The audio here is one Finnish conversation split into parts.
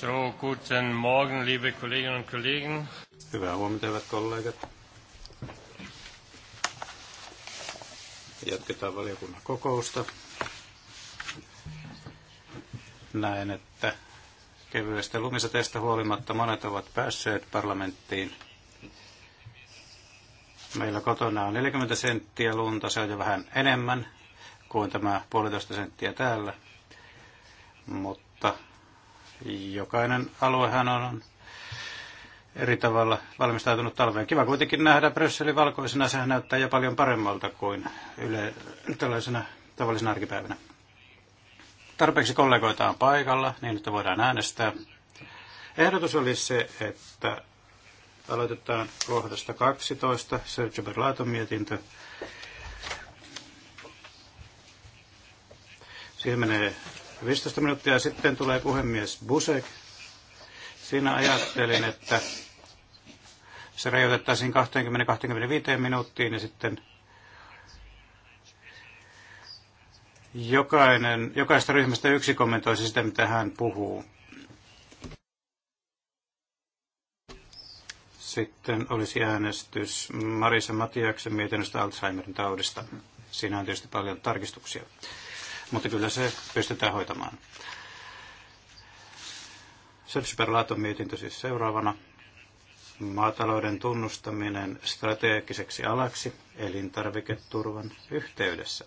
So, guten Morgen, liebe Kolleginnen und Kollegen. Hyvää huomenta, hyvät kollegat. Jatketaan valiokunnan kokousta. Näen, että kevyestä lumisateesta huolimatta monet ovat päässeet parlamenttiin. Meillä kotona on 40 senttiä lunta, se on jo vähän enemmän kuin tämä puolitoista senttiä täällä. Mutta Jokainen aluehan on eri tavalla valmistautunut talveen. Kiva kuitenkin nähdä Brysselin valkoisena. Sehän näyttää jo paljon paremmalta kuin yle, tällaisena tavallisena arkipäivänä. Tarpeeksi kollegoita on paikalla, niin että voidaan äänestää. Ehdotus oli se, että aloitetaan kohdasta 12, Sergio Berlaton mietintö. Siihen menee 15 minuuttia sitten tulee puhemies Busek. Siinä ajattelin, että se rajoitettaisiin 20-25 minuuttiin ja sitten jokainen, jokaista ryhmästä yksi kommentoisi sitä, mitä hän puhuu. Sitten olisi äänestys Marisa Matiaksen mietinnöstä Alzheimerin taudista. Siinä on tietysti paljon tarkistuksia mutta kyllä se pystytään hoitamaan. Sörtsberlaaton mietintö siis seuraavana. Maatalouden tunnustaminen strategiseksi alaksi elintarviketurvan yhteydessä.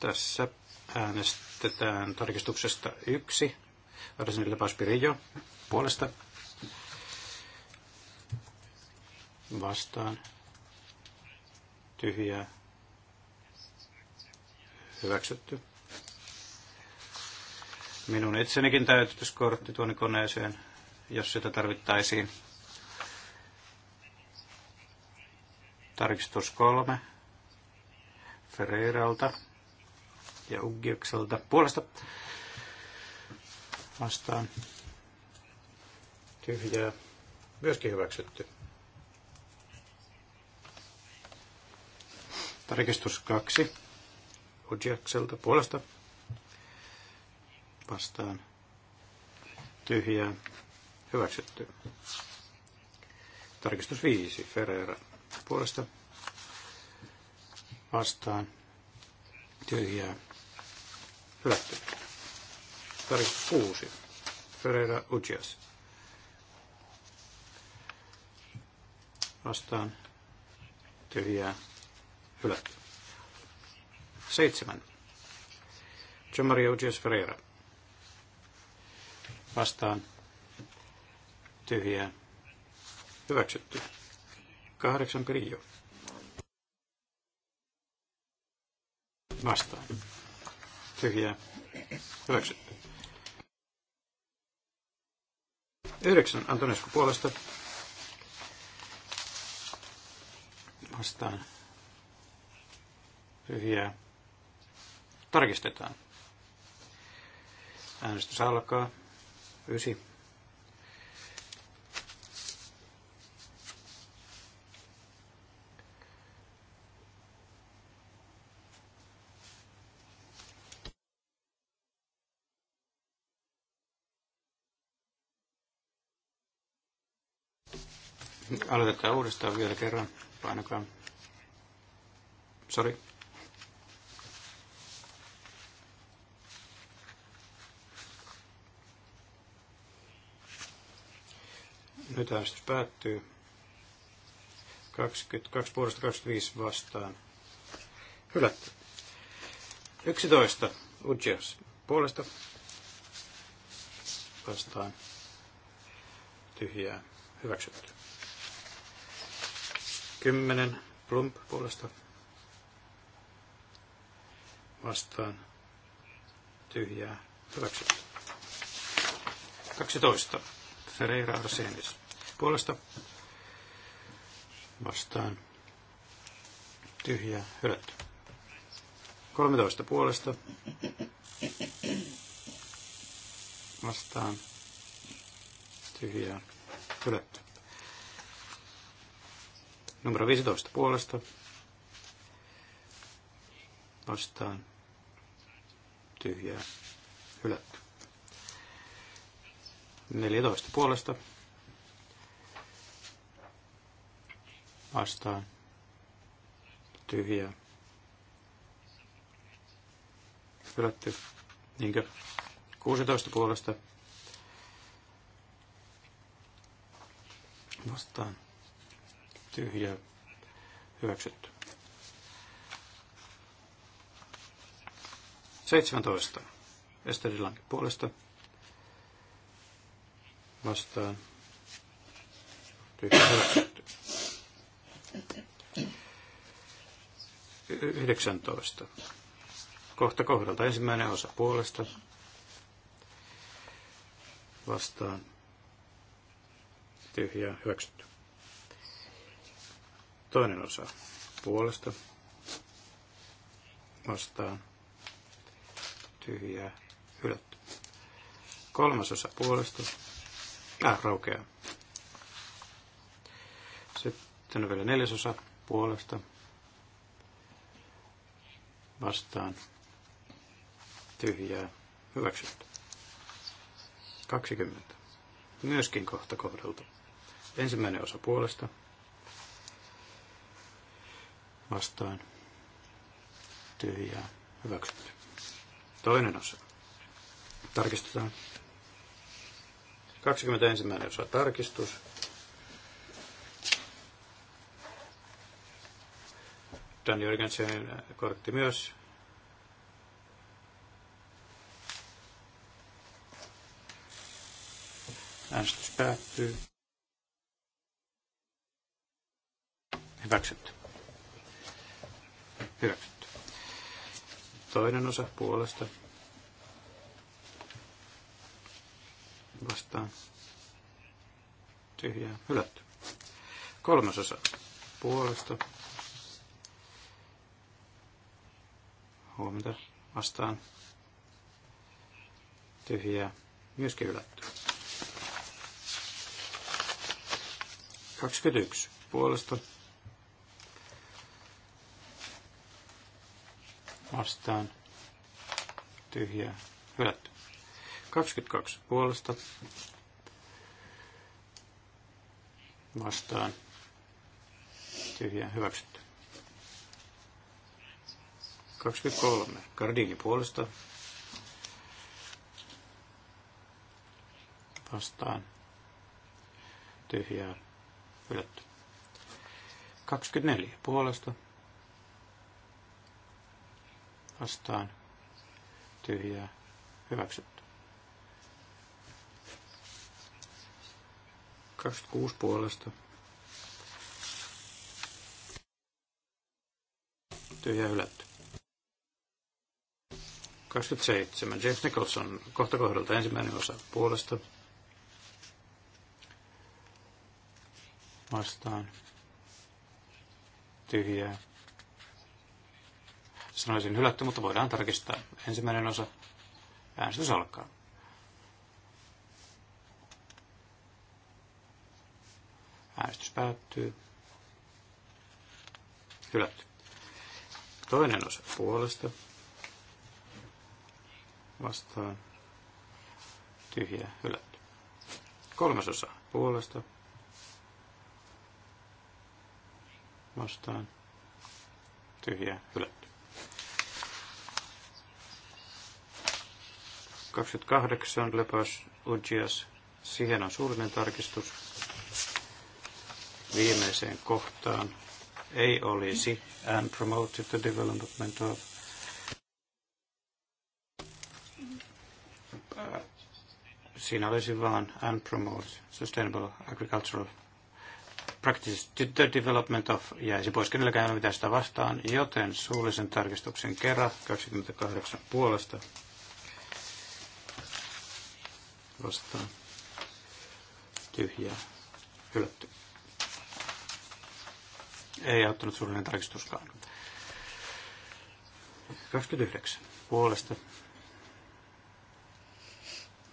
Tässä äänestetään tarkistuksesta yksi. Arsenille Paspirillo puolesta vastaan tyhjää hyväksytty. Minun itsenikin täytetyskortti tuonne koneeseen, jos sitä tarvittaisiin. Tarkistus kolme Ferreiralta ja Uggiokselta puolesta vastaan tyhjää myöskin hyväksytty. Tarkistus 2. Ujakselta puolesta vastaan tyhjää hyväksytty. Tarkistus 5. Ferreira puolesta vastaan tyhjää hylätty. Tarkistus 6. Ferreira Ujias vastaan tyhjää Hylätty. Seitsemän. John Maria Ugias Ferreira. Vastaan. Tyhjää. Hyväksytty. Kahdeksan Pirillo. Vastaan. Tyhjää. Hyväksytty. Yhdeksän Antonescu puolesta. Vastaan Hyviä. Tarkistetaan. Äänestys alkaa. Ysi. Aloitetaan uudestaan vielä kerran. Painakaa. Sorry. Nyt päättyy. 22 puolesta 25 vastaan. Hylätty. 11. Ujias puolesta vastaan tyhjää hyväksytty. 10. Plump puolesta vastaan tyhjää hyväksytty. 12. Ferreira Arsenis puolesta vastaan tyhjää hylätty. 13 puolesta vastaan tyhjää hylätty. Numero 15 puolesta vastaan tyhjää hylätty. 14 puolesta vastaan tyhjää. Hylätty. Niinkö? 16 puolesta vastaan tyhjää. Hyväksytty. 17. Esterilan puolesta vastaan tyhjää. 19. Kohta kohdalta ensimmäinen osa puolesta vastaan tyhjää hyväksytty. Toinen osa puolesta vastaan tyhjää hylätty. Kolmas osa puolesta äh, raukeaa. Sitten on vielä neljäsosa puolesta vastaan tyhjää hyväksyttä. 20. Myöskin kohta kohdalta. Ensimmäinen osa puolesta vastaan tyhjää hyväksytty. Toinen osa. Tarkistetaan. 21. osa tarkistus. Dan Jörgensenin kortti myös. Äänestys päättyy. Hyväksytty. Hyväksytty. Toinen osa puolesta. Vastaan. Tyhjää. Hylätty. Kolmas osa puolesta huomenta vastaan tyhjää myöskin hylätty. 21 puolesta vastaan tyhjää hylätty. 22 puolesta vastaan tyhjää hyväksytty. 23. Gardini puolesta. Vastaan. Tyhjää. Ylätty. 24. Puolesta. Vastaan. Tyhjää. Hyväksytty. 26 puolesta. Tyhjää hylätty. 27. James Nicholson kohta kohdalta ensimmäinen osa puolesta. Vastaan. Tyhjää. Sanoisin hylätty, mutta voidaan tarkistaa. Ensimmäinen osa. Äänestys alkaa. Äänestys päättyy. Hylätty. Toinen osa puolesta vastaan tyhjää hylätty. Kolmasosa puolesta vastaan tyhjää hylätty. 28 lepas Ujias. Siihen on suurinen tarkistus viimeiseen kohtaan. Ei olisi and promoted the development of olisi vaan and promote sustainable agricultural practices to the development of jäisi pois kenelläkään mitään sitä vastaan, joten suullisen tarkistuksen kerran 28 puolesta vastaan tyhjää hylätty. Ei auttanut suullinen tarkistuskaan. 29 puolesta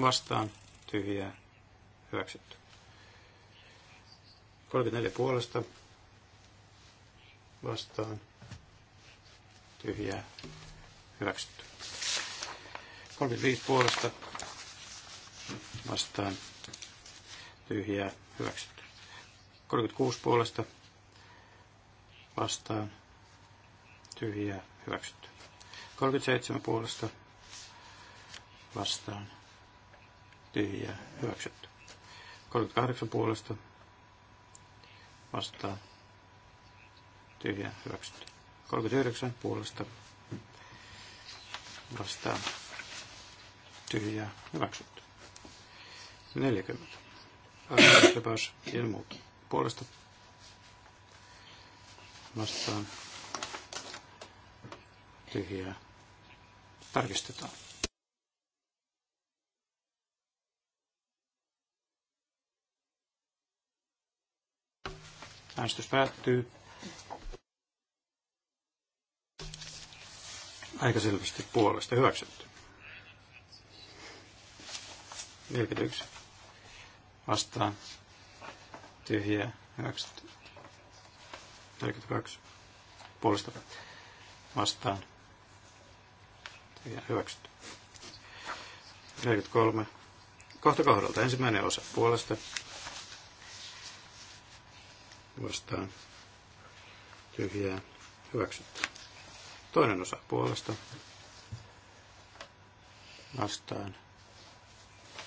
vastaan tyhjää hyväksytty. 34 puolesta vastaan tyhjää hyväksytty. 35 puolesta vastaan tyhjää hyväksytty. 36 puolesta vastaan tyhjää hyväksytty. 37 puolesta vastaan tyhjää hyväksytty. 38 puolesta vastaan tyhjää hyväksytty. 39 puolesta vastaan tyhjää hyväksytty. 40. Arvoislepäys ja muut puolesta vastaan tyhjää tarkistetaan. Äänestys päättyy. Aika selvästi puolesta hyväksytty. 41 vastaan tyhjää hyväksytty. 42 puolesta vastaan tyhjää hyväksytty. 43 kohta kohdalta ensimmäinen osa puolesta vastaan tyhjää hyväksytty. Toinen osa puolesta vastaan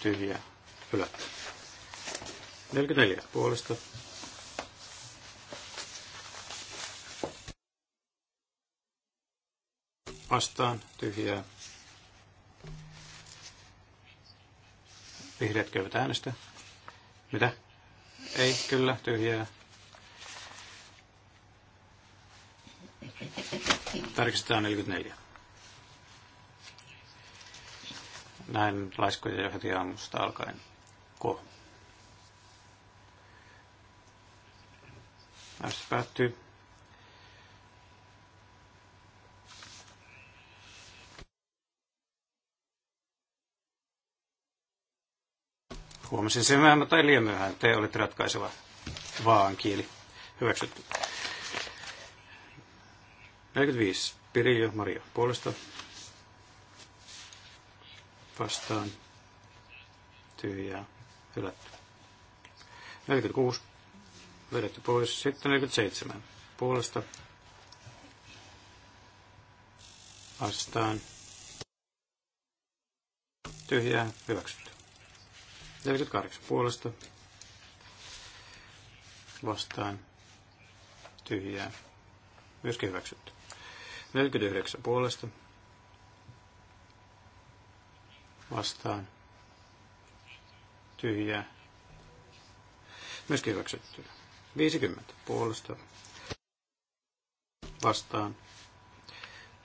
tyhjää hylätty. 44 puolesta vastaan tyhjää. Vihreät käyvät äänestä. Mitä? Ei, kyllä, tyhjää. Tarkistetaan Näin laiskoja jo heti aamusta alkaen. Ko. Äänestys päättyy. Huomasin sen vähän, mutta ei liian myöhään. Te olitte ratkaiseva vaan kieli. Hyväksytty. 45. Piriljo Maria puolesta vastaan tyhjää hylätty. 46 vedetty pois. Sitten 47 puolesta vastaan tyhjää hyväksytty. 48 puolesta vastaan tyhjää myöskin hyväksytty. 49 puolesta vastaan tyhjää. Myöskin hyväksytty. 50 puolesta vastaan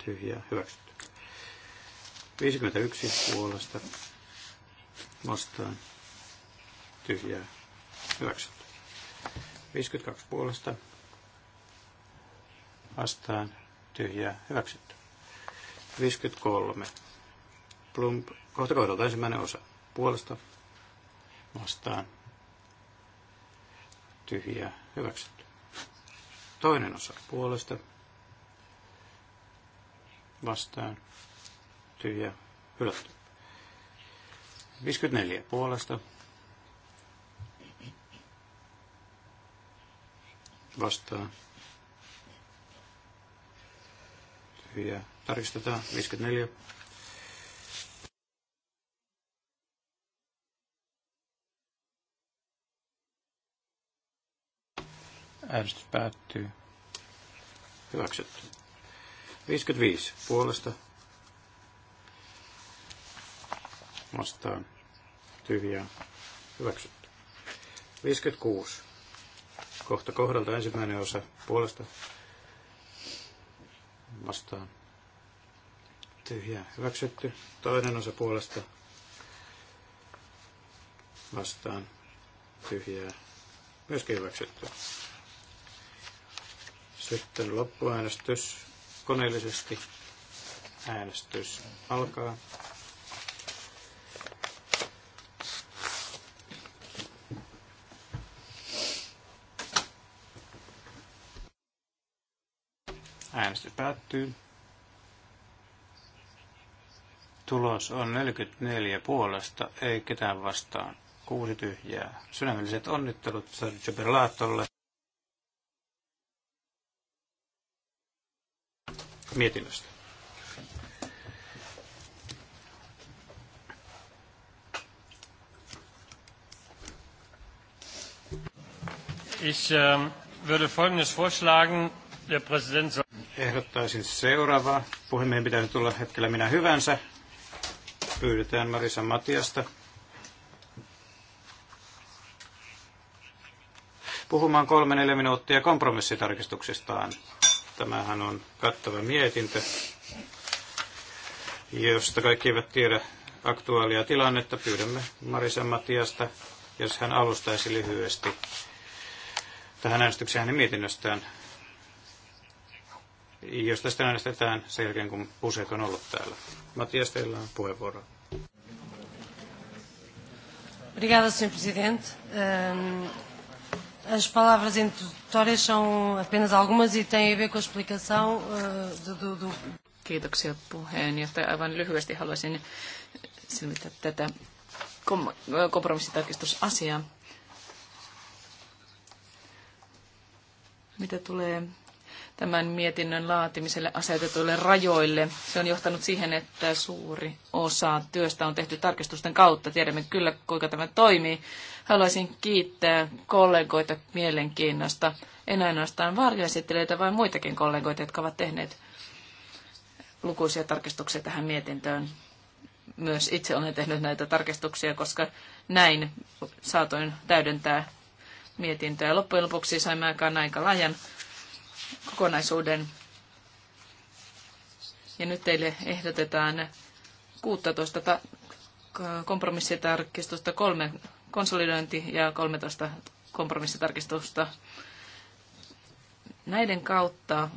tyhjää hyväksytty. 51 puolesta vastaan tyhjää hyväksytty. 52 puolesta vastaan tyhjää hyväksytty. 53. Plump, kohta kohdalta ensimmäinen osa puolesta vastaan tyhjää hyväksytty. Toinen osa puolesta vastaan tyhjä hylätty. 54 puolesta vastaan ja Tarkistetaan 54. Äänestys päättyy. Hyväksytty. 55 puolesta. Vastaan. Tyhjää. Hyväksytty. 56. Kohta kohdalta ensimmäinen osa puolesta vastaan tyhjää hyväksytty. Toinen osa puolesta vastaan tyhjää myöskin hyväksytty. Sitten loppuäänestys koneellisesti. Äänestys alkaa. Äänestys päättyy. Tulos on 44 puolesta, ei ketään vastaan. Kuusi tyhjää. Sydämelliset onnittelut Sergio Berlatolle. Mietinnöstä. Ich äh, würde Folgendes vorschlagen. Der Präsident soll ehdottaisin seuraavaa. Puhemiehen pitäisi tulla hetkellä minä hyvänsä. Pyydetään Marisa Matiasta puhumaan kolme neljä minuuttia kompromissitarkistuksistaan. Tämähän on kattava mietintö, josta kaikki eivät tiedä aktuaalia tilannetta. Pyydämme Marisa Matiasta, jos hän alustaisi lyhyesti tähän äänestykseen hänen mietinnöstään jos tästä äänestetään sen jälkeen, kun Pusek on ollut täällä. Matias, teillä on puheenvuoro. Obrigada, Sr. Presidente. Ehm, as palavras introdutórias são apenas algumas e têm a ver com a explicação uh, do, do... Kiitoksia puheenjohtaja. Aivan lyhyesti haluaisin selvittää tätä kompromissitarkistusasiaa. Mitä tulee tämän mietinnön laatimiselle asetetuille rajoille. Se on johtanut siihen, että suuri osa työstä on tehty tarkistusten kautta. Tiedämme kyllä, kuinka tämä toimii. Haluaisin kiittää kollegoita mielenkiinnosta. En ainoastaan varjoesittelijöitä, vaan muitakin kollegoita, jotka ovat tehneet lukuisia tarkistuksia tähän mietintöön. Myös itse olen tehnyt näitä tarkistuksia, koska näin saatoin täydentää mietintöä. Loppujen lopuksi saimme aikaan aika laajan kokonaisuuden. Ja nyt teille ehdotetaan 16 ta- kompromissitarkistusta, kolme konsolidointi ja 13 kompromissitarkistusta. Näiden kautta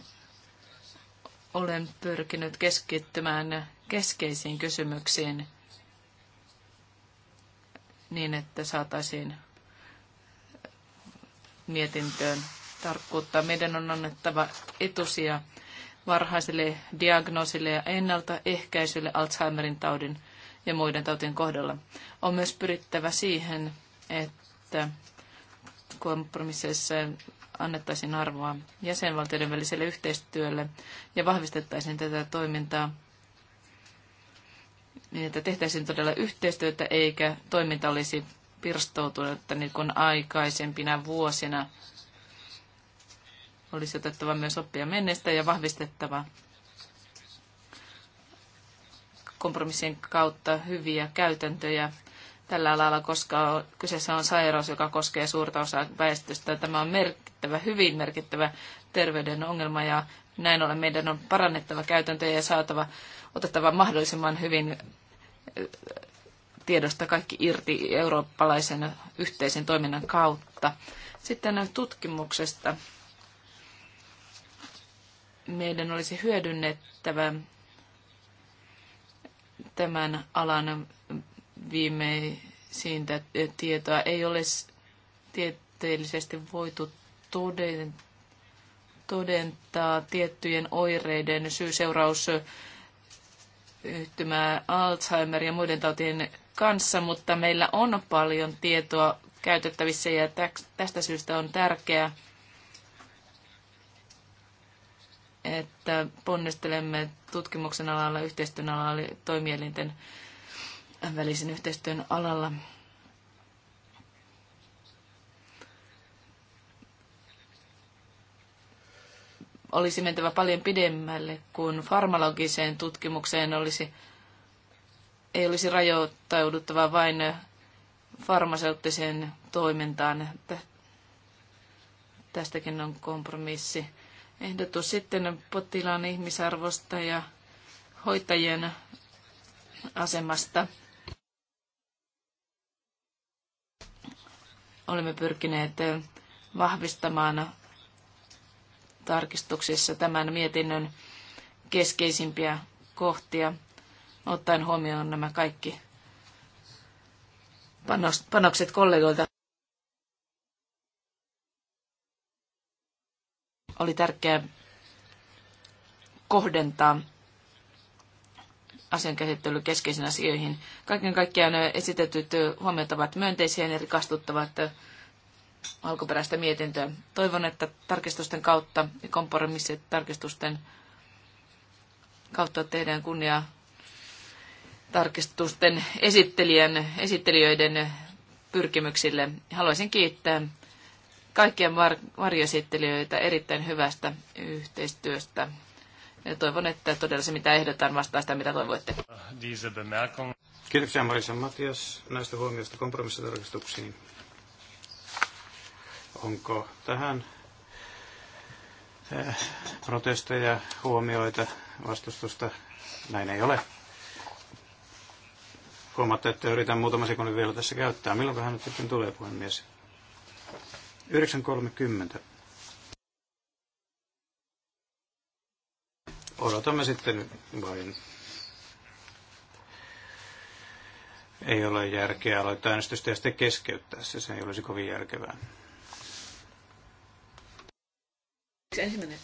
olen pyrkinyt keskittymään keskeisiin kysymyksiin niin, että saataisiin mietintöön tarkkuutta. Meidän on annettava etusia varhaiselle diagnoosille ja ennaltaehkäisylle Alzheimerin taudin ja muiden tautien kohdalla. On myös pyrittävä siihen, että kompromisseissa annettaisiin arvoa jäsenvaltioiden väliselle yhteistyölle ja vahvistettaisiin tätä toimintaa niin, että tehtäisiin todella yhteistyötä eikä toiminta olisi pirstoutunutta niin kuin aikaisempina vuosina – olisi otettava myös oppia menneestä ja vahvistettava kompromissien kautta hyviä käytäntöjä tällä alalla, koska kyseessä on sairaus, joka koskee suurta osaa väestöstä. Tämä on merkittävä, hyvin merkittävä terveyden ongelma ja näin ollen meidän on parannettava käytäntöjä ja saatava, otettava mahdollisimman hyvin eh, tiedosta kaikki irti eurooppalaisen yhteisen toiminnan kautta. Sitten tutkimuksesta meidän olisi hyödynnettävä tämän alan viimeisintä tietoa. Ei ole tieteellisesti voitu todentaa tiettyjen oireiden syy-seuraus yhtymää Alzheimer ja muiden tautien kanssa, mutta meillä on paljon tietoa käytettävissä ja tästä syystä on tärkeää, että ponnistelemme tutkimuksen alalla, yhteistyön alalla, toimielinten välisen yhteistyön alalla. Olisi mentävä paljon pidemmälle, kun farmalogiseen tutkimukseen olisi, ei olisi rajoittauduttava vain farmaseuttiseen toimintaan. Tästäkin on kompromissi ehdotus sitten potilaan ihmisarvosta ja hoitajien asemasta. Olemme pyrkineet vahvistamaan tarkistuksissa tämän mietinnön keskeisimpiä kohtia, ottaen huomioon nämä kaikki panokset kollegoilta. oli tärkeää kohdentaa asian käsittely keskeisiin asioihin. Kaiken kaikkiaan esitetyt huomiot ovat myönteisiä ja rikastuttavat alkuperäistä mietintöä. Toivon, että tarkistusten kautta ja kompromissit tarkistusten kautta tehdään kunnia tarkistusten esittelijän, esittelijöiden pyrkimyksille. Haluaisin kiittää kaikkia varjoesittelijöitä erittäin hyvästä yhteistyöstä. Ja toivon, että todella se mitä ehdotan vastaa sitä, mitä toivoitte. Kiitoksia Marisa Matias näistä huomioista kompromissitarkistuksiin. Onko tähän eh, protesteja, huomioita, vastustusta? Näin ei ole. Huomaatte, että yritän muutama sekunnin vielä tässä käyttää. Milloin hän nyt sitten tulee, puhemies? 9.30. Odotamme sitten vain. Ei ole järkeä aloittaa äänestystä ja sitten keskeyttää se. Se ei olisi kovin järkevää. ensimmäinen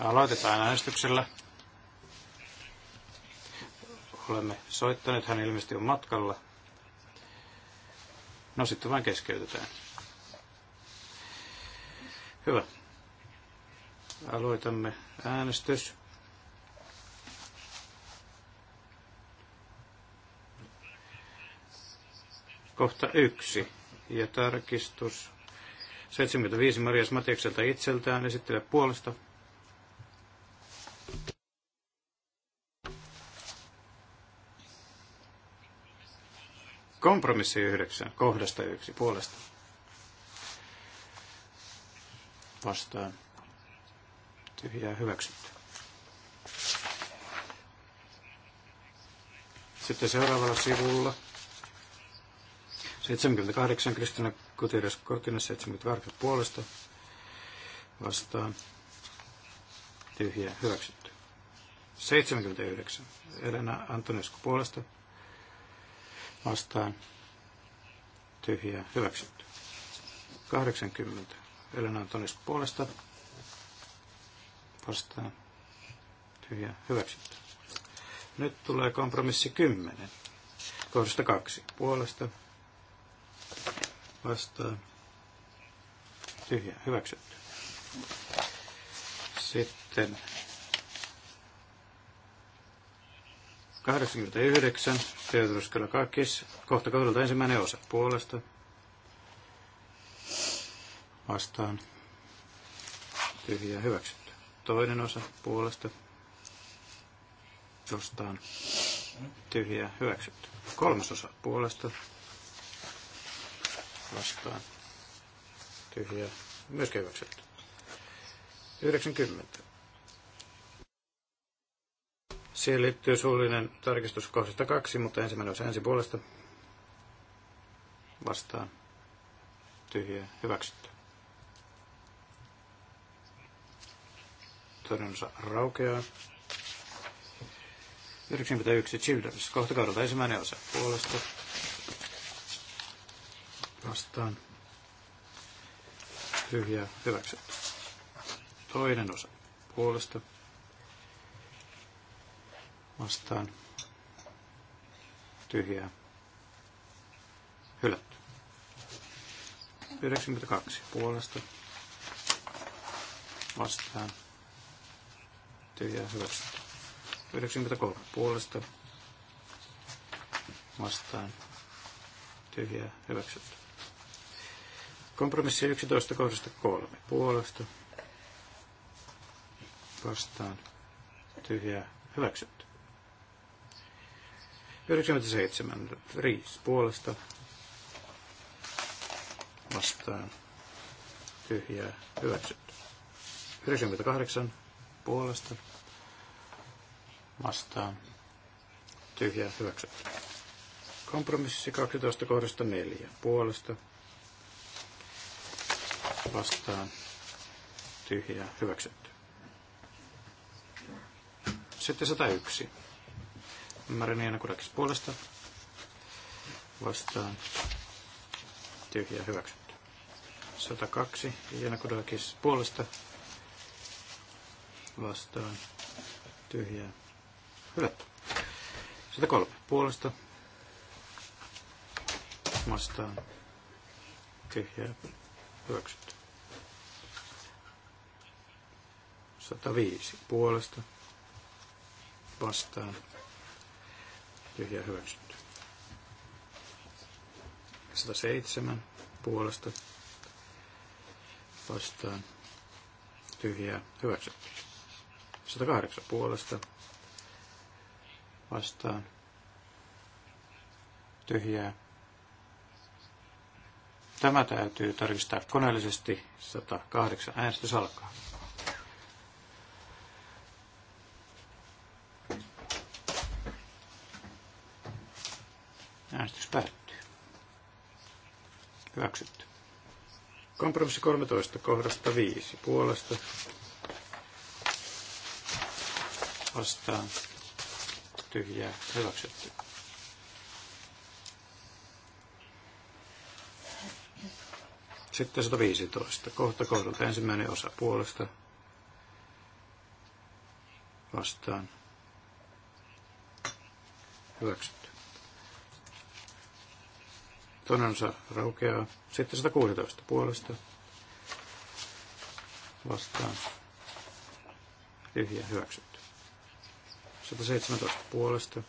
Aloitetaan äänestyksellä. Olemme soittaneet, hän ilmeisesti on matkalla. No sitten vain keskeytetään. Hyvä. Aloitamme äänestys. Kohta yksi ja tarkistus 75 Marias Matiakselta itseltään esittelee puolesta Kompromissi yhdeksän, kohdasta yksi, puolesta. Vastaan. Tyhjää hyväksytty. Sitten seuraavalla sivulla 78 Kristina Kutirias Korkinen 78 puolesta vastaan Tyhjää hyväksytty. 79 Elena Antonescu puolesta vastaan tyhjää hyväksytty. 80 Elena Antonis puolesta vastaan tyhjää hyväksytty. Nyt tulee kompromissi 10. Kohdasta 2 puolesta vastaan tyhjää hyväksytty. Sitten 89, Teodoros Kalakakis, kohta kohdalta ensimmäinen osa puolesta. Vastaan. Tyhjää hyväksytty. Toinen osa puolesta. Vastaan. Tyhjää hyväksytty. Kolmas osa puolesta. Vastaan. Tyhjää myöskin hyväksytty. 90 Siihen liittyy suullinen tarkistus kohdasta kaksi, mutta ensimmäinen osa ensi puolesta vastaan tyhjää hyväksytty. Toinen osa raukeaa. 91 Childers. Kohta kaudelta ensimmäinen osa puolesta vastaan tyhjää hyväksytty. Toinen osa puolesta vastaan tyhjää hylätty. 92 puolesta vastaan tyhjää hyväksytty. 93 puolesta vastaan tyhjää hyväksytty. Kompromissi 11 kohdasta 3 puolesta vastaan tyhjää hyväksytty. 97 Riis puolesta vastaan tyhjää hyväksytty. 98 puolesta vastaan tyhjää hyväksytty. Kompromissi 12 kohdasta 4 puolesta vastaan tyhjää hyväksytty. Sitten 101 Marini Janakudakis puolesta vastaan tyhjä hyväksytty. 102 Janakudakis puolesta vastaan tyhjä hylätty. 103 puolesta vastaan tyhjä hyväksytty. 105 puolesta vastaan tyhjää hyväksytty. 107 puolesta vastaan tyhjää hyväksytty. 108 puolesta vastaan tyhjää. Tämä täytyy tarkistaa koneellisesti. 108 äänestys alkaa. hyväksytty. Kompromissi 13 kohdasta 5 puolesta vastaan tyhjää hyväksytty. Sitten 115. Kohta kohdalta ensimmäinen osa puolesta vastaan hyväksytty tonansa raukeaa. Sitten 116 puolesta vastaan. Tyhjä hyväksytty. 117 puolesta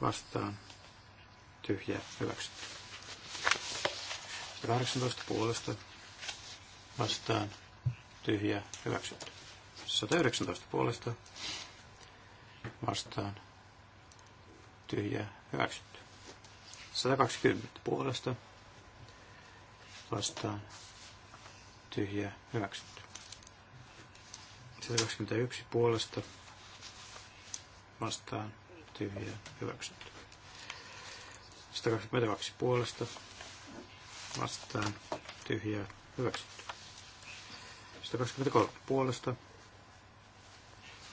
vastaan. Tyhjä hyväksytty. 118 puolesta vastaan. Tyhjä hyväksytty. 119 puolesta vastaan. Tyhjä hyväksytty. 120 puolesta vastaan tyhjä hyväksytty. 121 puolesta vastaan tyhjä hyväksytty. 122 puolesta vastaan tyhjä hyväksytty. 123 puolesta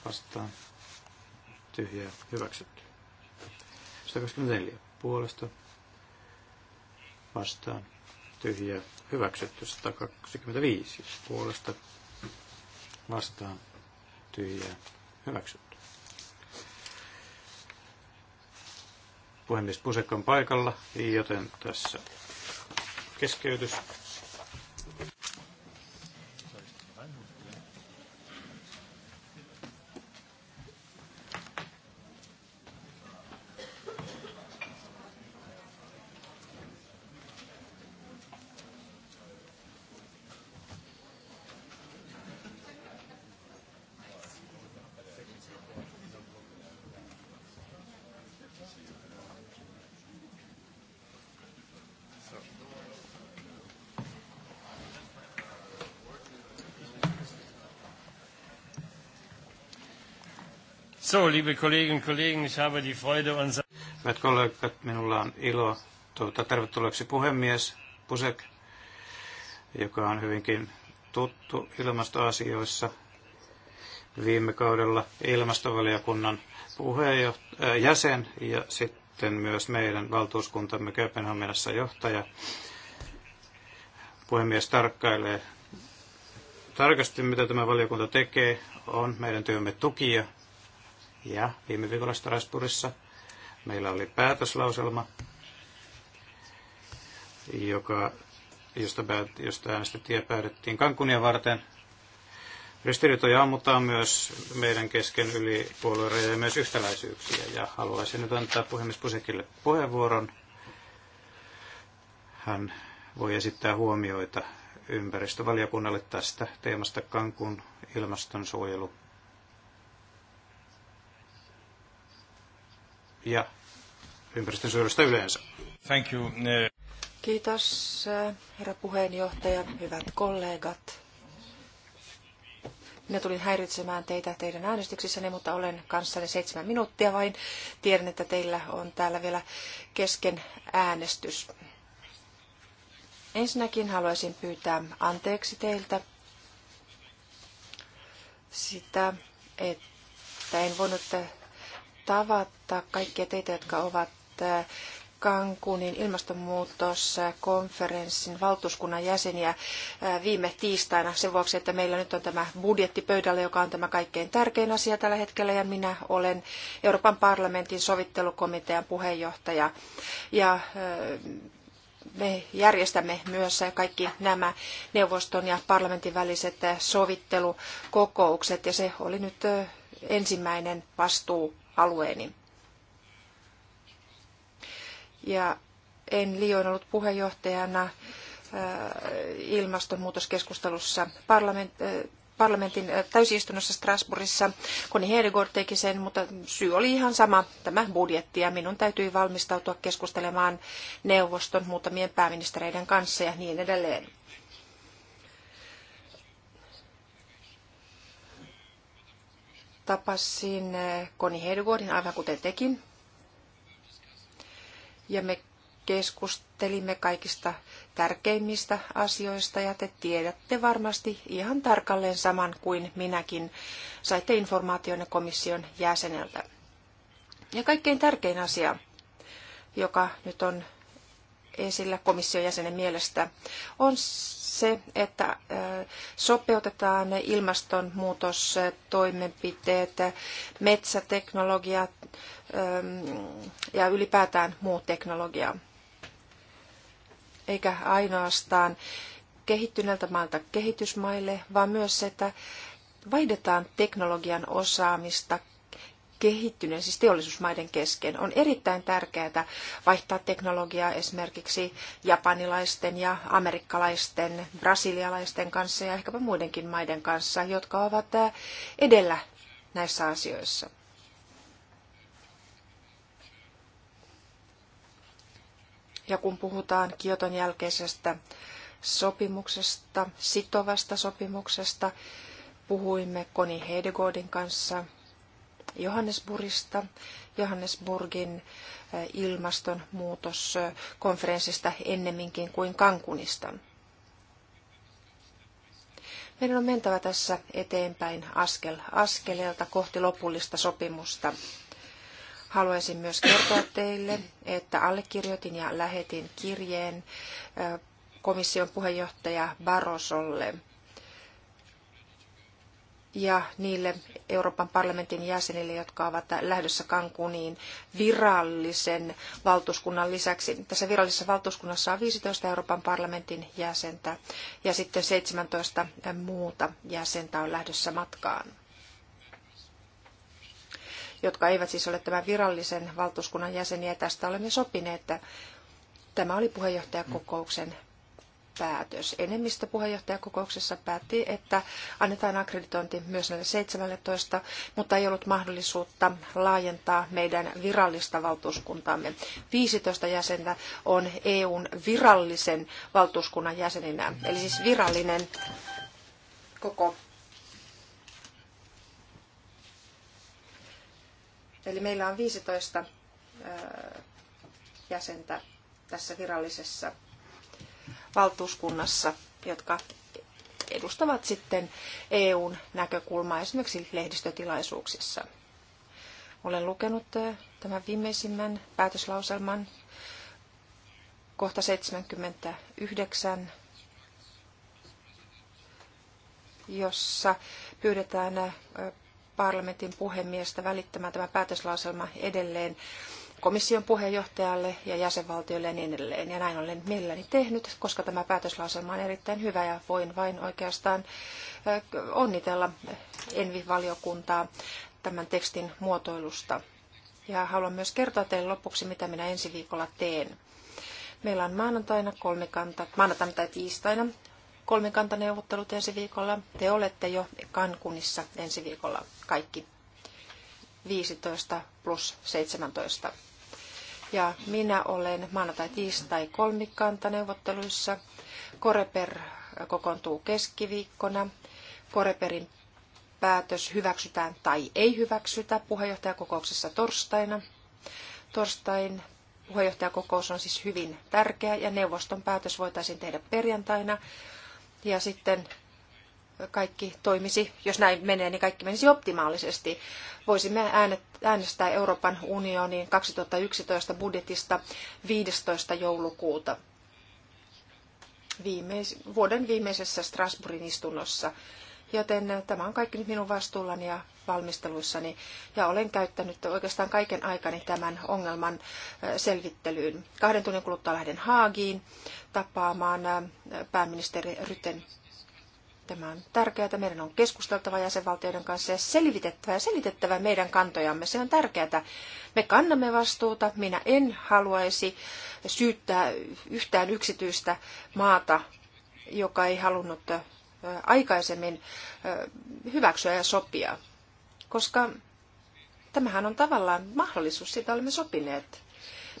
vastaan tyhjä hyväksytty. 124 puolesta vastaan tyhjää hyväksytty 125 puolesta vastaan tyhjää hyväksytty. Puhemies Pusek on paikalla, joten tässä keskeytys. So, liebe Kolleginnen und Kollegen, ich habe die Freude unser... Hyvät kollegat, minulla on ilo tuota, tervetulleeksi puhemies Pusek, joka on hyvinkin tuttu ilmastoasioissa. Viime kaudella ilmastovaliokunnan puheenjoht- äh, jäsen ja sitten myös meidän valtuuskuntamme Kööpenhaminassa johtaja. Puhemies tarkkailee tarkasti, mitä tämä valiokunta tekee, on meidän työmme tukia ja viime viikolla Strasbourgissa meillä oli päätöslauselma, joka, josta, päät, josta äänestettiin ja päädyttiin Kankunia varten. Ristiriitoja ammutaan myös meidän kesken yli puolueen ja myös yhtäläisyyksiä. Ja haluaisin nyt antaa puhemies Pusekille puheenvuoron. Hän voi esittää huomioita ympäristövaliokunnalle tästä teemasta Kankun ilmastonsuojelu ja ympäristönsuojelusta yleensä. Thank you. Kiitos, herra puheenjohtaja, hyvät kollegat. Minä tulin häiritsemään teitä teidän äänestyksissäni, mutta olen kanssanne seitsemän minuuttia vain. Tiedän, että teillä on täällä vielä kesken äänestys. Ensinnäkin haluaisin pyytää anteeksi teiltä sitä, että en voinut tavata kaikkia teitä, jotka ovat äh, Kankunin ilmastonmuutoskonferenssin valtuuskunnan jäseniä äh, viime tiistaina sen vuoksi, että meillä nyt on tämä budjetti pöydällä, joka on tämä kaikkein tärkein asia tällä hetkellä ja minä olen Euroopan parlamentin sovittelukomitean puheenjohtaja ja äh, me järjestämme myös kaikki nämä neuvoston ja parlamentin väliset sovittelukokoukset ja se oli nyt ensimmäinen vastuu alueeni. Ja en liioin ollut puheenjohtajana äh, ilmastonmuutoskeskustelussa parlament, äh, parlamentin äh, täysistunnossa Strasbourgissa. Koni Hedegaard teki sen, mutta syy oli ihan sama, tämä budjetti, ja minun täytyi valmistautua keskustelemaan neuvoston muutamien pääministereiden kanssa ja niin edelleen. tapasin Koni eh, Hedegaardin aivan kuten tekin. Ja me keskustelimme kaikista tärkeimmistä asioista ja te tiedätte varmasti ihan tarkalleen saman kuin minäkin. Saitte informaation komission jäseneltä. Ja kaikkein tärkein asia, joka nyt on esillä komission jäsenen mielestä, on se, että sopeutetaan ilmastonmuutostoimenpiteet, metsäteknologia ja ylipäätään muu teknologia. Eikä ainoastaan kehittyneeltä maalta kehitysmaille, vaan myös se, että vaihdetaan teknologian osaamista kehittyneen, siis teollisuusmaiden kesken. On erittäin tärkeää vaihtaa teknologiaa esimerkiksi japanilaisten ja amerikkalaisten, brasilialaisten kanssa ja ehkäpä muidenkin maiden kanssa, jotka ovat edellä näissä asioissa. Ja kun puhutaan Kioton jälkeisestä sopimuksesta, sitovasta sopimuksesta, puhuimme Koni Hedegaardin kanssa Johannesburgista, Johannesburgin eh, ilmastonmuutoskonferenssista ennemminkin kuin Kankunista. Meidän on mentävä tässä eteenpäin askel askeleelta kohti lopullista sopimusta. Haluaisin myös kertoa teille, että allekirjoitin ja lähetin kirjeen eh, komission puheenjohtaja Barrosolle – ja niille Euroopan parlamentin jäsenille, jotka ovat lähdössä Cancuniin virallisen valtuuskunnan lisäksi. Tässä virallisessa valtuuskunnassa on 15 Euroopan parlamentin jäsentä ja sitten 17 muuta jäsentä on lähdössä matkaan jotka eivät siis ole tämän virallisen valtuuskunnan jäseniä. Tästä olemme sopineet, että tämä oli puheenjohtajakokouksen päätös. Enemmistö puheenjohtajakokouksessa päätti, että annetaan akkreditointi myös näille 17, mutta ei ollut mahdollisuutta laajentaa meidän virallista valtuuskuntaamme. 15 jäsentä on EUn virallisen valtuuskunnan jäseninä, eli siis virallinen koko. Eli meillä on 15 jäsentä tässä virallisessa valtuuskunnassa, jotka edustavat sitten EUn näkökulmaa esimerkiksi lehdistötilaisuuksissa. Olen lukenut eh, tämän viimeisimmän päätöslauselman kohta 79, jossa pyydetään eh, parlamentin puhemiestä välittämään tämä päätöslauselma edelleen komission puheenjohtajalle ja jäsenvaltioille ja niin edelleen. Ja näin olen mielelläni tehnyt, koska tämä päätöslauselma on erittäin hyvä ja voin vain oikeastaan äh, onnitella Envi-valiokuntaa tämän tekstin muotoilusta. Ja haluan myös kertoa teille lopuksi, mitä minä ensi viikolla teen. Meillä on maanantaina kolmikanta, maanantaina tai tiistaina kolmikantaneuvottelut ensi viikolla. Te olette jo Kankunissa ensi viikolla kaikki 15 plus 17 ja minä olen maanantai, tiistai neuvotteluissa. Koreper kokoontuu keskiviikkona. Koreperin päätös hyväksytään tai ei hyväksytä puheenjohtajakokouksessa torstaina. Torstain puheenjohtajakokous on siis hyvin tärkeä ja neuvoston päätös voitaisiin tehdä perjantaina. Ja sitten kaikki toimisi, jos näin menee, niin kaikki menisi optimaalisesti. Voisimme äänestää Euroopan unionin 2011 budjetista 15. joulukuuta viimeis- vuoden viimeisessä Strasbourgin istunnossa. Joten tämä on kaikki nyt minun vastuullani ja valmisteluissani. Ja olen käyttänyt oikeastaan kaiken aikani tämän ongelman selvittelyyn. Kahden tunnin kuluttua lähden Haagiin tapaamaan pääministeri Rytten. Tämä on tärkeää. Meidän on keskusteltava jäsenvaltioiden kanssa ja selvitettävä ja selitettävä meidän kantojamme. Se on tärkeää. Me kannamme vastuuta. Minä en haluaisi syyttää yhtään yksityistä maata, joka ei halunnut aikaisemmin hyväksyä ja sopia. Koska tämähän on tavallaan mahdollisuus, sitä olemme sopineet.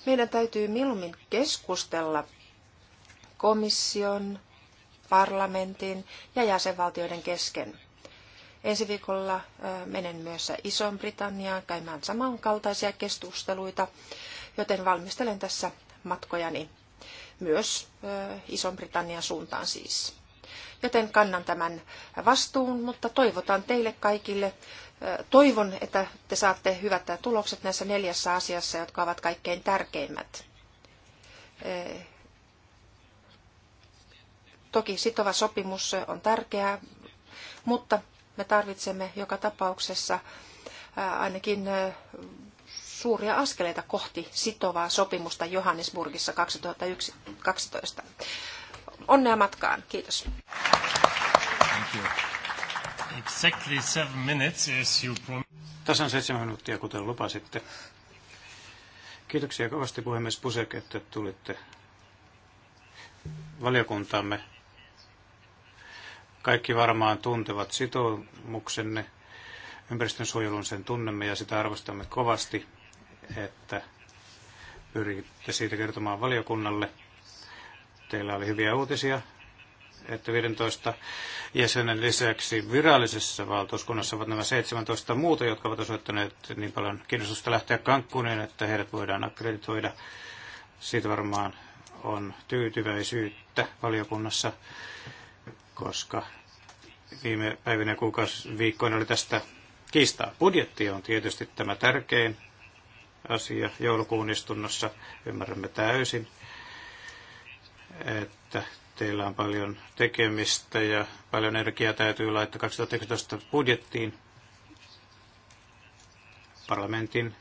Meidän täytyy mieluummin keskustella komission, parlamentin ja jäsenvaltioiden kesken. Ensi viikolla menen myös Isoon Britanniaan käymään samankaltaisia keskusteluita, joten valmistelen tässä matkojani myös Ison-Britannian suuntaan siis. Joten kannan tämän vastuun, mutta toivotan teille kaikille, toivon, että te saatte hyvät tulokset näissä neljässä asiassa, jotka ovat kaikkein tärkeimmät. Toki sitova sopimus on tärkeää, mutta me tarvitsemme joka tapauksessa ainakin suuria askeleita kohti sitovaa sopimusta Johannesburgissa 2012. Onnea matkaan. Kiitos. Exactly seven minutes, as you Tasan seitsemän minuuttia, kuten lupasitte. Kiitoksia kovasti puhemies Pusek, että tulitte valiokuntaamme kaikki varmaan tuntevat sitoumuksenne ympäristönsuojelun, sen tunnemme ja sitä arvostamme kovasti, että pyritte siitä kertomaan valiokunnalle. Teillä oli hyviä uutisia, että 15 jäsenen lisäksi virallisessa valtuuskunnassa ovat nämä 17 muuta, jotka ovat osoittaneet niin paljon kiinnostusta lähteä kankkuuneen, että heidät voidaan akkreditoida. Siitä varmaan on tyytyväisyyttä valiokunnassa koska viime päivinä kuukausi viikkoina oli tästä kiistaa. Budjetti on tietysti tämä tärkein asia joulukuun istunnossa. Ymmärrämme täysin, että teillä on paljon tekemistä ja paljon energiaa täytyy laittaa 2019 budjettiin parlamentin,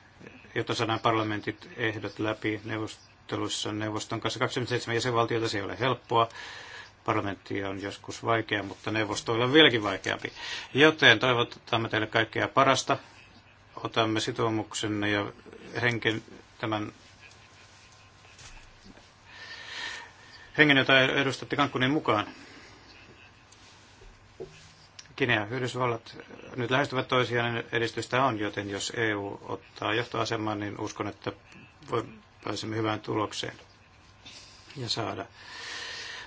jotta saadaan parlamentit ehdot läpi neuvosteluissa neuvoston kanssa. 27 jäsenvaltiota se ei ole helppoa. Parlamentti on joskus vaikea, mutta neuvostoilla on vieläkin vaikeampi. Joten toivotamme teille kaikkea parasta. Otamme sitoumuksenne ja henken tämän hengen, jota edustatte Kankkunin mukaan. Kiina ja Yhdysvallat nyt lähestyvät toisiaan, niin edistystä on, joten jos EU ottaa johtoaseman, niin uskon, että voi, pääsemme hyvään tulokseen ja saada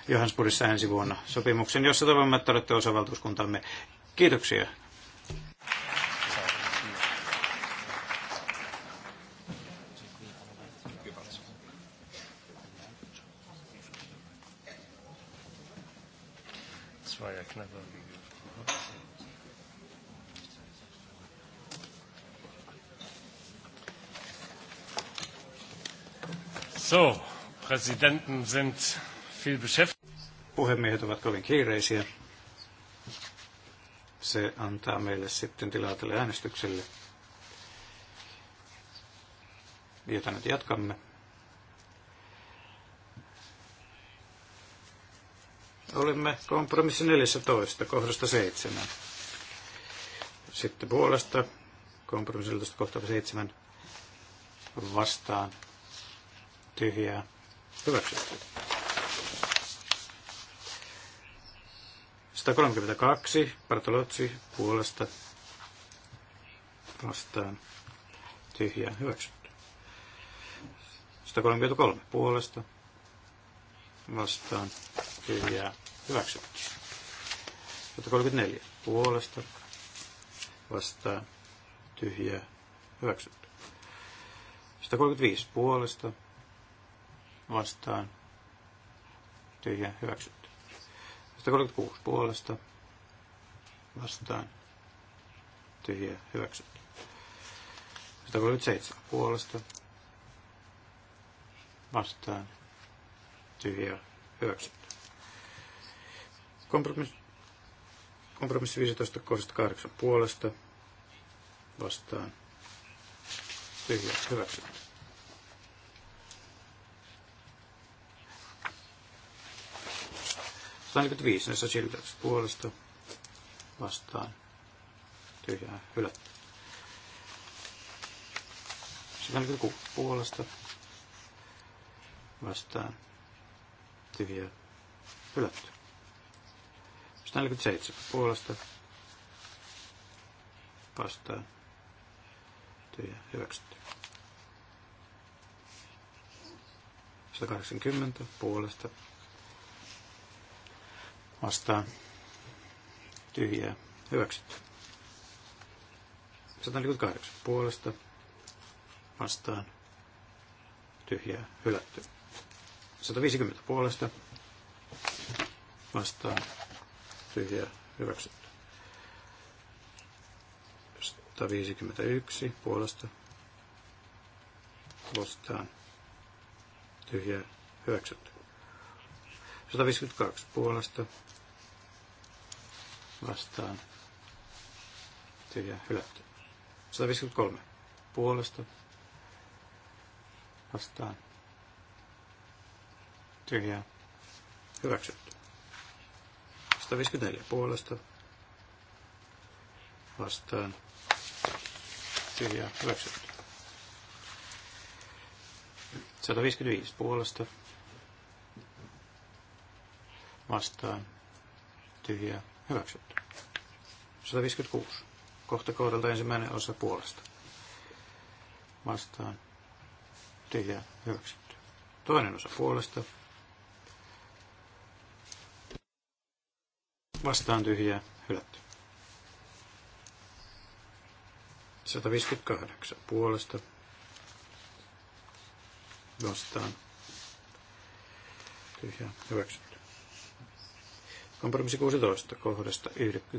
Johannesburgissa ensi vuonna sopimuksen, jossa toivomme, että olette osavaltuuskuntamme. Kiitoksia. So, Präsidenten sind viel beschäftigt puhemiehet ovat kovin kiireisiä. Se antaa meille sitten tilaa tälle äänestykselle, jota nyt jatkamme. Olemme kompromissi 14 kohdasta 7. Sitten puolesta kompromissi 14 kohta 7 vastaan tyhjää hyväksytty. 132 Bartolotsi puolesta vastaan tyhjää hyväksytty. 133 puolesta vastaan tyhjää hyväksytty. 134 puolesta vastaan tyhjää hyväksytty. 135 puolesta vastaan tyhjää hyväksytty. 136 puolesta vastaan tyhjä hyväksytty. 137 puolesta vastaan tyhjä hyväksytty. Kompromissi, kompromissi 15 kohdasta 8 puolesta vastaan tyhjä hyväksytty. 145 näissä siltä puolesta vastaan tyhjää hylätty. 146 puolesta vastaan tyhjää hylätty. 147 puolesta vastaan tyhjää hyväksytty. 180 puolesta vastaan tyhjää hyväksytty. 148 puolesta vastaan tyhjää hylätty. 150 puolesta vastaan tyhjää hyväksytty. 151 puolesta vastaan tyhjää hyväksytty. 152 puolesta vastaan tyhjää hylätty. 153 puolesta vastaan tyhjää hyväksytty. 154 puolesta vastaan tyhjää hyväksytty. 155 puolesta vastaan tyhjää hyväksytty. 156. Kohta kohdalta ensimmäinen osa puolesta. Vastaan tyhjää hyväksytty. Toinen osa puolesta. Vastaan tyhjää hylätty. 158 puolesta vastaan. Tyhjää hyväksytty. Kompromissi 16 kohdasta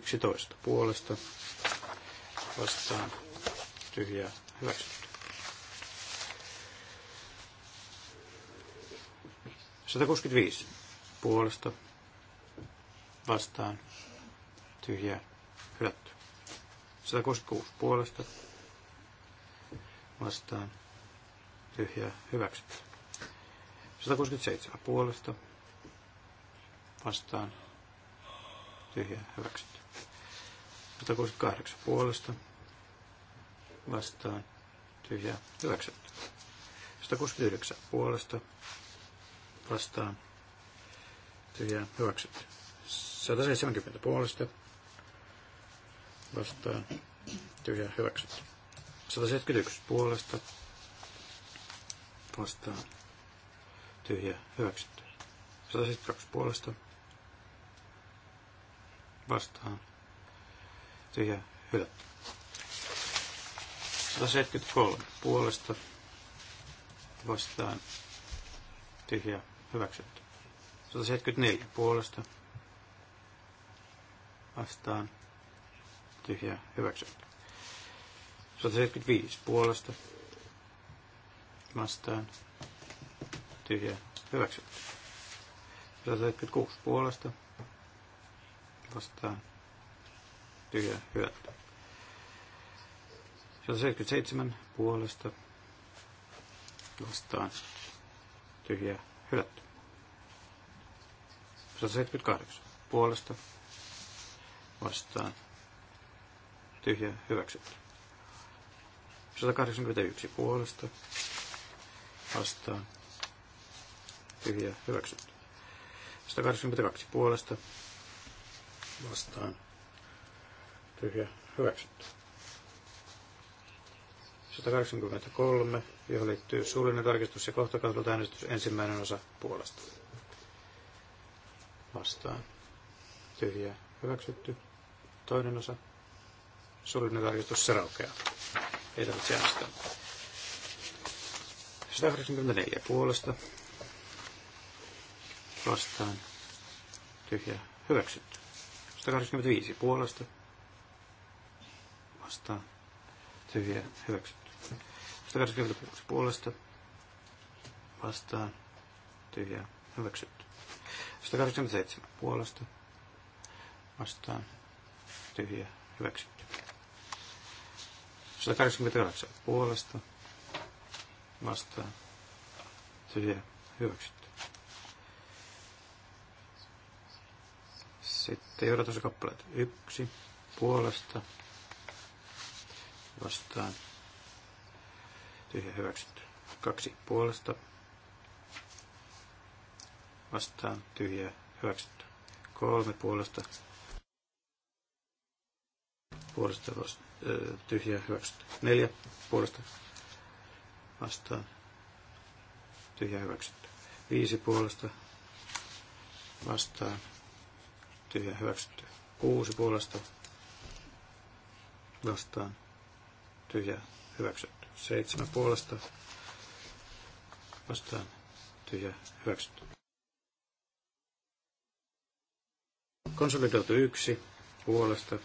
11 puolesta vastaan tyhjää hyväksytty. 165 puolesta vastaan tyhjää hylätty. 166 puolesta vastaan tyhjää hyväksytty. 167 puolesta vastaan tyhjä, hyväksytty. 168 puolesta vastaan tyhjä, hyväksytty. 169 puolesta vastaan tyhjä, hyväksytty. 170 puolesta vastaan tyhjä, hyväksytty. 171 puolesta vastaan tyhjä, hyväksytty. 172 puolesta vastaan tyhjä hylätty. 173 puolesta vastaan tyhjä hyväksytty. 174 puolesta vastaan tyhjä hyväksytty. 175 puolesta vastaan tyhjä hyväksytty. 176 puolesta vastaan tyhjä hylätty. 177 puolesta vastaan tyhjä hylätty. 178 puolesta vastaan tyhjä hyväksytty. 181 puolesta vastaan tyhjä hyväksytty. 182 puolesta vastaan tyhjä hyväksytty. 183, johon liittyy suullinen tarkistus ja kohtakaudelta äänestys ensimmäinen osa puolesta. Vastaan. Tyhjä hyväksytty. Toinen osa. Suullinen tarkistus se raukeaa. Ei tarvitse äänestää. 184 puolesta. Vastaan. Tyhjä hyväksytty. 185 puolesta vastaan tyhjää hyväksytty. 186 puolesta vastaan tyhjää hyväksytty. 187 puolesta vastaan tyhjää hyväksytty. 188 puolesta vastaan tyhjää hyväksytty. Sitten kappaleet yksi puolesta vastaan tyhjä hyväksytty. Kaksi puolesta vastaan tyhjä hyväksytty. Kolme puolesta puolesta vasta, tyhjä hyväksytty. Neljä puolesta vastaan tyhjä hyväksytty. Viisi puolesta vastaan tyhjä hyväksytty. Kuusi puolesta vastaan tyhjä hyväksytty. Seitsemän puolesta vastaan tyhjä hyväksytty. Konsolidoitu yksi puolesta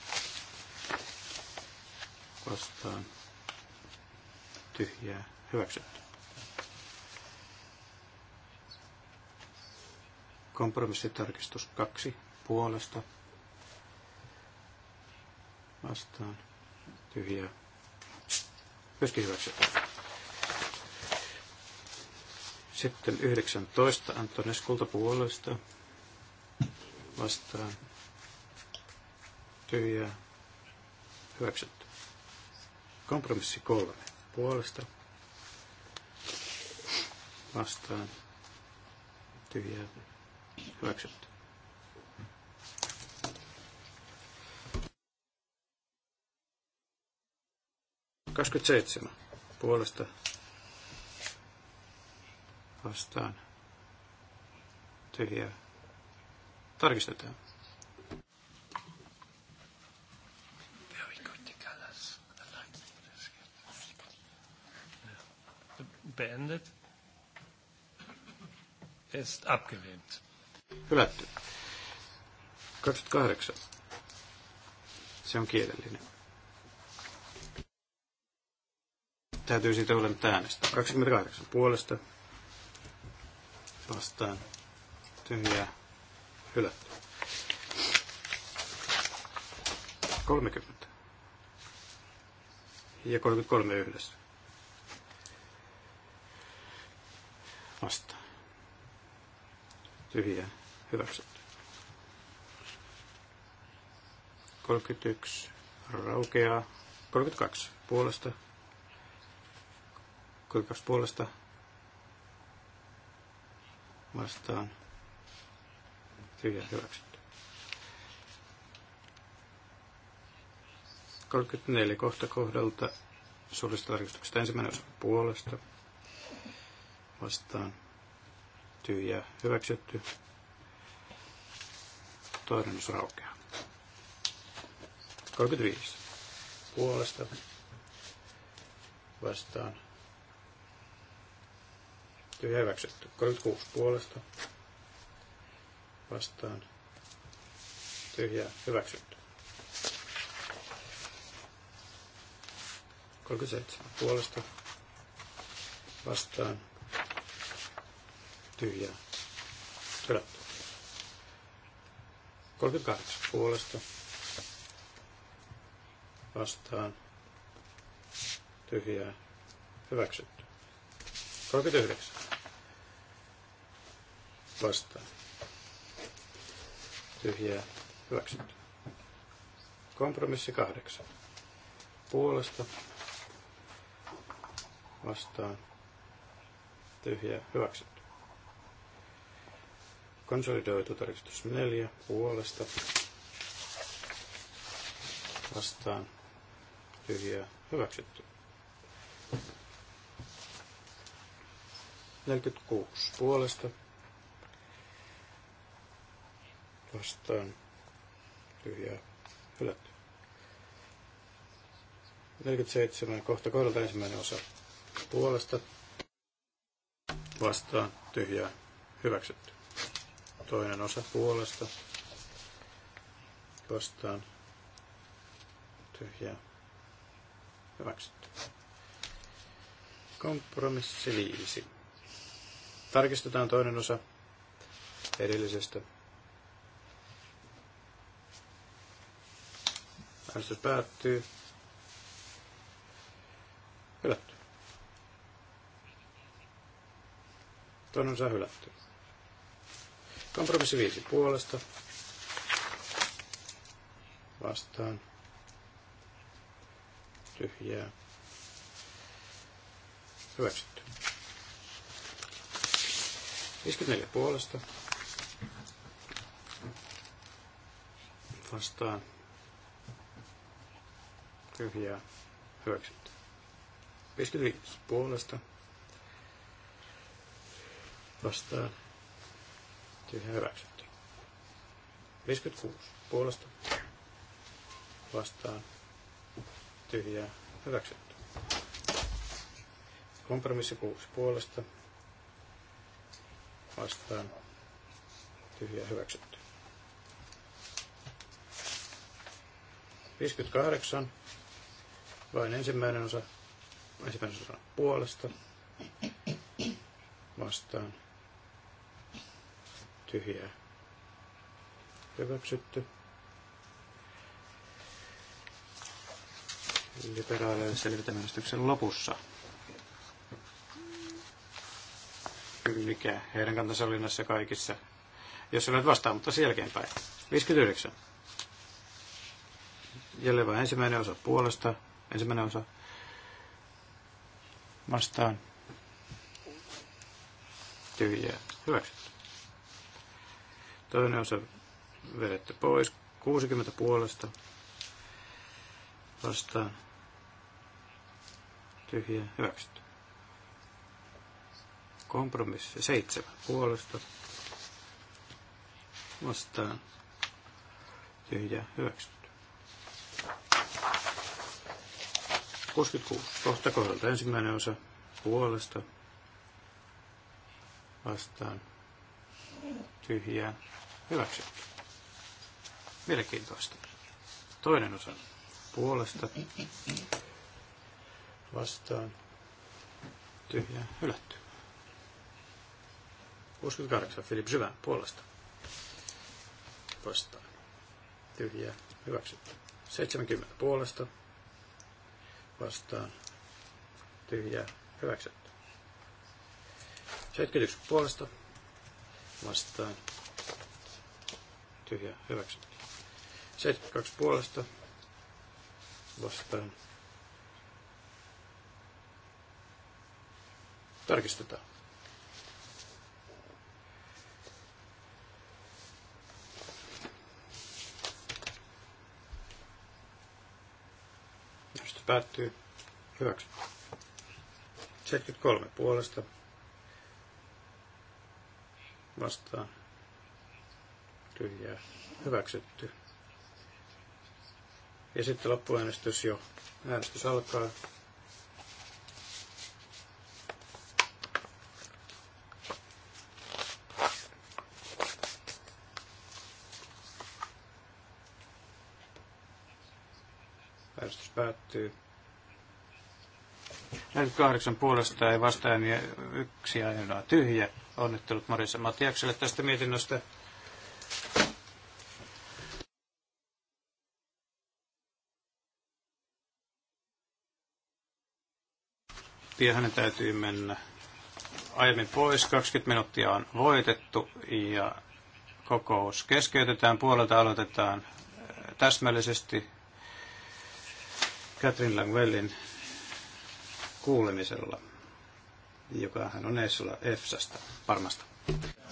vastaan tyhjää hyväksytty. Kompromissitarkistus kaksi puolesta vastaan tyhjää. Myöskin hyväksytään. Sitten 19 Antoneskulta puolesta vastaan tyhjää. Hyväksytty. Kompromissi kolme puolesta vastaan tyhjää. Hyväksytty. 27 puolesta vastaan tyhjää. Tarkistetaan. Beendet. Est abgelehnt. Hylätty. 28. Se on kielellinen. Täytyy siitä olla nyt äänestää. 28 puolesta vastaan tyhjää hylätty. 30 ja 33 yhdessä. Vastaan. Tyhjää hyväksytty. 31 raukeaa. 32 puolesta 32 puolesta vastaan tyhjä hyväksytty. 34 kohta kohdalta suurista tarkistuksista ensimmäinen osa puolesta vastaan tyhjä hyväksytty. Toinen osa raukeaa. 35 puolesta vastaan tyhjä hyväksytty. 36 puolesta vastaan tyhjää hyväksytty. 37 puolesta vastaan tyhjää hylätty. 38 puolesta vastaan tyhjää hyväksytty. 39 vastaan. Tyhjää hyväksytty. Kompromissi kahdeksan. Puolesta vastaan. Tyhjää hyväksytty. Konsolidoitu tarkistus neljä puolesta vastaan. Tyhjää hyväksytty. 46 puolesta vastaan tyhjää hylätty. 47 kohta kohdalta ensimmäinen osa puolesta vastaan tyhjää hyväksytty. Toinen osa puolesta vastaan tyhjää hyväksytty. Kompromissi liisi. Tarkistetaan toinen osa edellisestä Äänestys päättyy. Hylätty. Toinen osa hylätty. Kompromissi viisi puolesta. Vastaan. Tyhjää. Hyväksytty. 54 puolesta. Vastaan tyhjää hyväksytty. 55 puolesta vastaan tyhjää hyväksytty. 56 puolesta vastaan tyhjää hyväksytty. Kompromissi 6 puolesta vastaan tyhjää hyväksytty. 58 vain ensimmäinen osa, ensimmäisen osa puolesta vastaan tyhjää hyväksytty. liberaaleille selvitämistyksen lopussa. Mikä heidän kantansa oli näissä kaikissa, jos olet vastaan, mutta sen jälkeenpäin. 59. Jälleen vain ensimmäinen osa puolesta Ensimmäinen osa vastaan tyhjää hyväksytty. Toinen osa vedetty pois 60 puolesta vastaan tyhjää hyväksytty. Kompromissi 7 puolesta vastaan tyhjää hyväksytty. 66. Kohta kohdalta ensimmäinen osa puolesta vastaan tyhjää hyväksytty. Mielenkiintoista. Toinen osa puolesta vastaan tyhjää hylätty. 68. Filip syvä puolesta vastaan tyhjää hyväksytty. 70 puolesta vastaan tyhjää hyväksytty. 71 puolesta vastaan tyhjää hyväksytty. 72 puolesta vastaan tarkistetaan. päättyy, hyväksytty. 73 puolesta vastaan, tyhjää, hyväksytty. Ja sitten loppuäänestys jo. Äänestys alkaa. Äänestys päättyy. 48 puolesta ei vastaan ja yksi ainoa tyhjä. Onnittelut Marissa Matiakselle tästä mietinnöstä. minuuttia hänen täytyy mennä aiemmin pois. 20 minuuttia on voitettu ja kokous keskeytetään. Puolelta aloitetaan täsmällisesti Katrin Langwellin kuulemisella, joka hän on Eessulla EFSAsta, Parmasta.